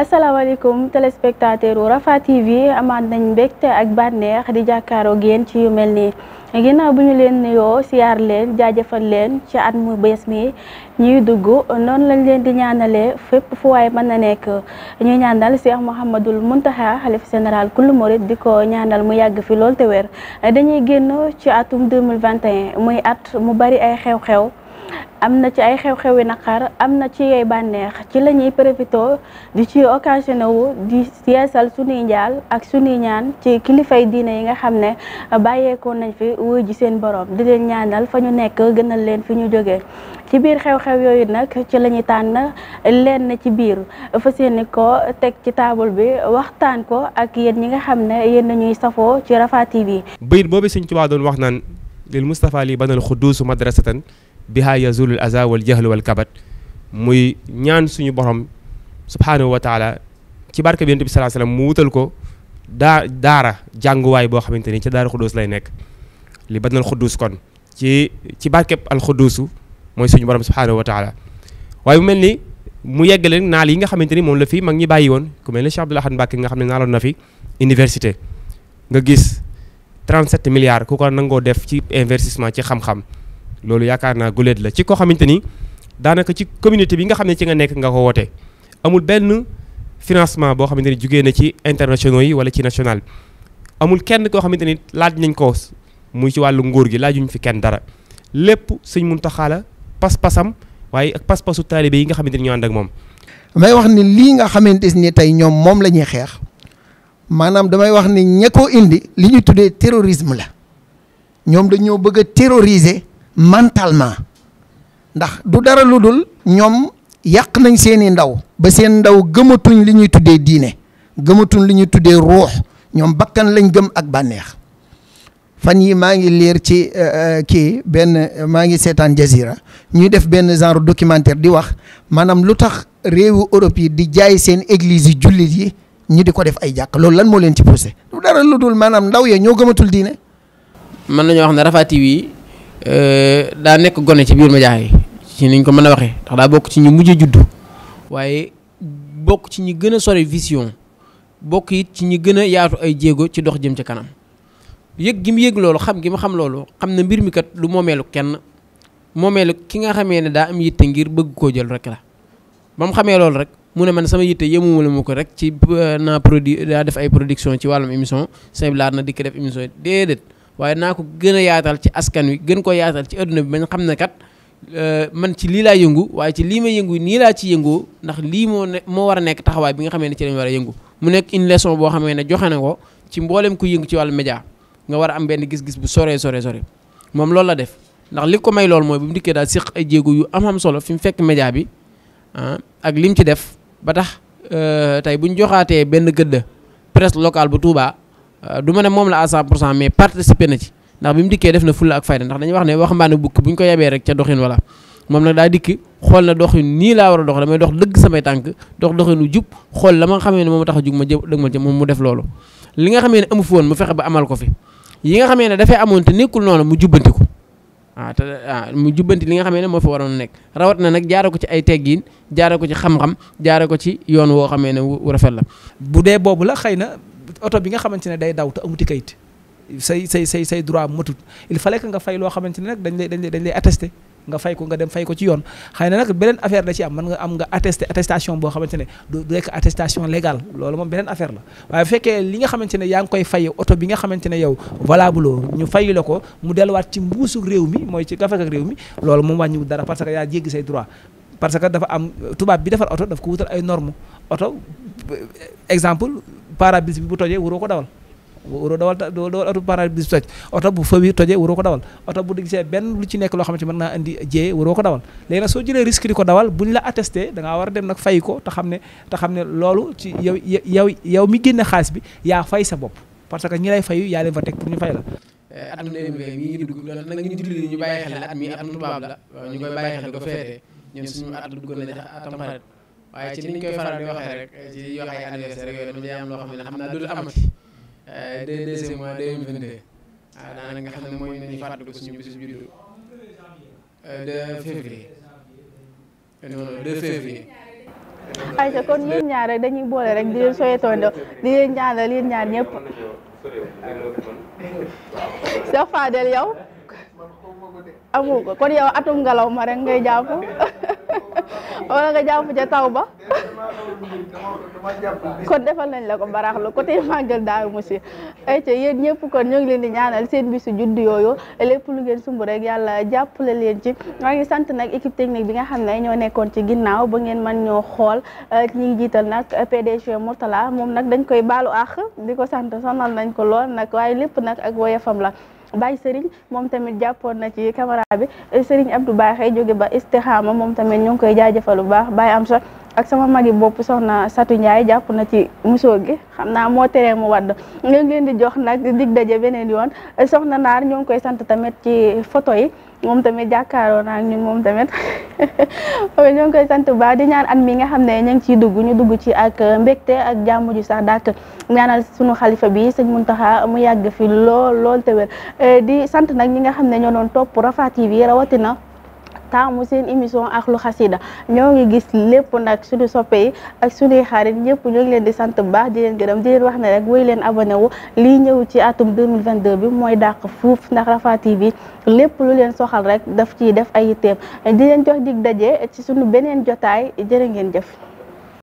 asalaamaaleykum téléspectateur Rafah TV amaat nañ mbégte ak bànneex di jàkkaaroo yéen ci yu mel nii ginnaaw bu ñu leen nuyoo siyaar leen jaajëfal leen ci at mu bees mi ñuy dugg noonu lañ leen di ñaanalee fépp fu waay mën na nekk ñuy ñaanal Cheikh Mouhamadul Mountakha xalif général kullu murid di ko ñaanal mu yàgg fi lool te wér dañuy génn ci atum 2021 muy at mu bari ay xew-xew am na ci ay xew-xewi xew naqar am na ci yey bànneex ci la ñuy profité di ci occasionné wu di yeesal sunuy njaal ak sunuy ñaan ci kilifay diine yi nga xam ne bàyyeekoo nañ fi wuy ji seen borom di leen ñaanal fa ñu nekk gënal leen fi ñu jóge ci biir xew-xew yooyu nag ci lañuy tànn leen ci biir fa seeni ko teg ci taabal bi waxtaan ko ak yéen ñi nga xam ne yéen nañuy safoo ci Rafah bi. bayit boobu ci Tuubaa doon wax naan lil Mustafa li banal xudduusu madrasatan bihaa yazulul aza wal jahlu wal kabat muy ñaan suñu borom subhaanahu wa taala ci barke bi yonent bi salaa mu wutal ko daa daara jànguwaay boo xamante ni ca daara xudduus lay nekk li badnal xudduus kon ci ci barkeb al xudduusu mooy suñu borom subhaanahu wa taala waaye mu mel ni mu yegg leen naal yi nga xamante ni moom la fi mag ñi bàyyi woon ku mel ni Cheikh Abdoul Ahad nga xam ne naaloon na fi université nga gis 37 milliards ku ko nangoo def ci investissement ci xam loolu yaakaar naa guléet la ci koo xamante ni daanaka ci communauté bi nga xam ne ci nga nekk nga ko woote amul benn financement boo xamante ni jugee na ci internationaux yi wala ci national amul kenn koo xamante ni laaj nañ ko muy ci wàllu nguur gi laajuñ fi kenn dara lépp Sëñ Muntaxa la pas-pasam waaye ak pas-pasu taalibe yi nga xamante ni ñoo ànd ak moom. may wax ni lii nga xamante ni tey ñoom moom la ñuy xeex maanaam damay wax ni ña ko indi li ñu tuddee terrorisme la ñoom dañoo bëgg a terroriser mentalement ndax du dara lu dul ñoom yàq nañ seeni ndaw ba seen ndaw gëmatuñ li ñuy tuddee diine gëmatuñ li ñuy tuddee ruux ñoom bakkan lañ gëm ak bànneex fan yi maa ngi liir ci euh, euh, kii benn maa ngi seetaan Jazira ñuy def benn genre documentaire di wax maanaam lu tax réewu Europe yi di jaay seen église yi jullit yi ñu di ko def ay jàkk loolu lan moo leen ci poussé lu dara lu dul maanaam ndaw ya ñoo gëmatul diine. mën nañoo wax ne Rafah TV Euh, daa nekk gone ci biir médias yi ci niñ ko mën a waxee ndax daa bokk ci ñu mujj juddu waaye bokk ci ñu gën a sori vision bokk it ci ñu gën a yaatu ay jéego ci dox jëm ci kanam yëg gi mu yëg loolu xam gi mu xam loolu xam na mbir mi kat lu moomeelu kenn moomeelu ki nga xamee ne daa am yitte ngir bëgg koo jël rek la ba mu xamee loolu rek mu ne man sama yitte yemuma la mu ko rek ci euh, naa produit daa def ay production ci wàllum émission Saint-Blair na dikk def émission déedéet. waaye naa ko gën a yaatal ci askan wi gën ko yaatal ci adduna bi bañ xam ne kat euh, man ci lii laa yëngu waaye ci lii may yëngu nii laa ci yëngoo ndax lii moo ne moo war a nekk taxawaay bi nga xamee ne ci lañ war a yëngu mu nekk une leçon boo xamee ne joxe na ko ci mboolem ku yëngu ci wàllu média nga war a am benn gis-gis bu sore sore sore moom loolu la def ndax li ko may loolu mooy bu mu dikkee daal siq ay jéego yu am am solo fi mu fekk média bi ah, ak lim ci def ba tax euh, tey bu ñu joxaatee benn gëdd presse locale bu Touba Euh, du ma ne moom la à 100 pour cent mais participer na ci ndax bi mu dikkee def na fulla ak fayda ndax dañuy wax ne waxambaane bukki bu ñu ko yabee rek ca doxin wala moom nag daa dikk xool na doxin nii laa war a dox damay dox dëgg samay tànk dox doxinu jub xool la ma xamee ne moom a jug ma jë dëgmal ci moom mu def li nga xamee ne amu fi woon mu fexe ba amal ko fi yi nga xamee ne dafay amoon te nekkul noonu mu jubbanti ko waaw ah, te ah, mu jubbanti li nga xamee ne moo fi waroon nekk rawat na nag jaare ko ci ay teggiin jaare ko ci xam-xam ko ci yoon woo xamee ne rafet la bu dee boobu la xëy na oto bi nga xamante ne day daw te amuti kayit say say say say droit matut il fallait que nga fay loo xamante ne nag dañ lay dañ lay dañ lay attesté nga fay ko nga dem fay ko ci yoon xëy na nag beneen affaire la ci am man nga am nga attesté attestation boo xamante ne du rekk attestation légale loolu moom beneen affaire la waaye bu fekkee li nga xamante ne yaa ngi koy fay oto bi nga xamante ne yow valable ñu fay la ko mu delluwaat ci mbuusu réew mi mooy ci gafak ak réew mi loolu moom wàññiwul dara parce que yaa jéggi say droit parce que dafa am tubaab bi defar oto daf ko wutal ay normes oto exemple pare-brise bi bu tojee waroo ko dawal. waroo dawal dawal oto pare-brise bu toj oto bu feu tojee waroo ko dawal oto bu gisee benn lu ci nekk loo xamante mën naa indi jéeye waroo ko dawal léegi nag soo jëlee risque di ko dawal buñ la attesté da ngaa war a dem nag fay ko te xam ne te xam ne loolu ci yow yow yow mi génne xaalis bi yaa fay sa bopp parce que ñi lay fayu yaa leen pour ñu fay la. Eh, atum ngi ñun suñu at duggoon na jax atam xarit waaye ci niñ koy faral di waxee rek ci wax ay anniversaire yooyu dañu am loo euh, ah, ah, xam ne xam naa suñu bisu juddu euh, euh, deux février non non deux février ayca kon yéen ñaar rek dañuy boole rek di leen soyetondo di leen ñaar ñëpp Cheikh Fadel yow amoo kon yow atum ngelaw ma ngay jàpp wala nga jàpp ca taw ba kon defal nañ la ko baraxlu côté màggal daaw monsieur ay ca yéen ñëpp kon ñoo ngi leen di ñaanal seen bisu judd yooyu lépp lu ngeen sumb rek yàlla jàppale leen ci maa ngi sant nag équipe technique bi nga xam ne ñoo nekkoon ci ginnaaw ba ngeen mën ñoo xool euh, ñi ngi jiital nag PDG Mourtala moom nag dañ koy baalu àq di ko sant sonal nañ ko lool nag waaye lépp nag ak woyefam la bay Serigne moom tamit jàppoon na ci caméra bi Serigne Abdou Baaxe jóge ba Istixaama moom tamit ñu ngi koy jaajëfal bu baax Baye Amsa ak sama mag yi bopp soxna Satu Ndiaye jàpp na ci musóor gi xam naa moo teree mu wadd ngeen leen di jox nag dig daje beneen yoon soxna Naar ñoo ngi koy sant tamit ci photo yi moom tamit jàkkaaroo naa ak ñun moom tamit ñoo ngi koy sant ba di ñaan at mi nga xam ne ñu ngi ciy dugg ñu dugg ci ak mbégte ak jàmm ju sax dàkk ñaanal sunu xalifa bi sëñ Muntaxa mu yàgg fi lool lool te wér eh, di sant nag ñi nga xam ne ñoo doon topp Rafah TV rawatina. taamu seen émission ak lu xasida ñoo ngi gis lépp nag suñu soppe ak suñuy xarit ñëpp ñoo ngi leen di sant bu baax di leen gërëm di leen wax ne rek woy leen abonné wu lii ñëw ci atum 2022 bi mooy dàq fuuf ndax Rafah TV lépp lu leen soxal rek daf ciy def ay yitteem di leen jox dig daje ci suñu beneen jotaay jërë ngeen jëf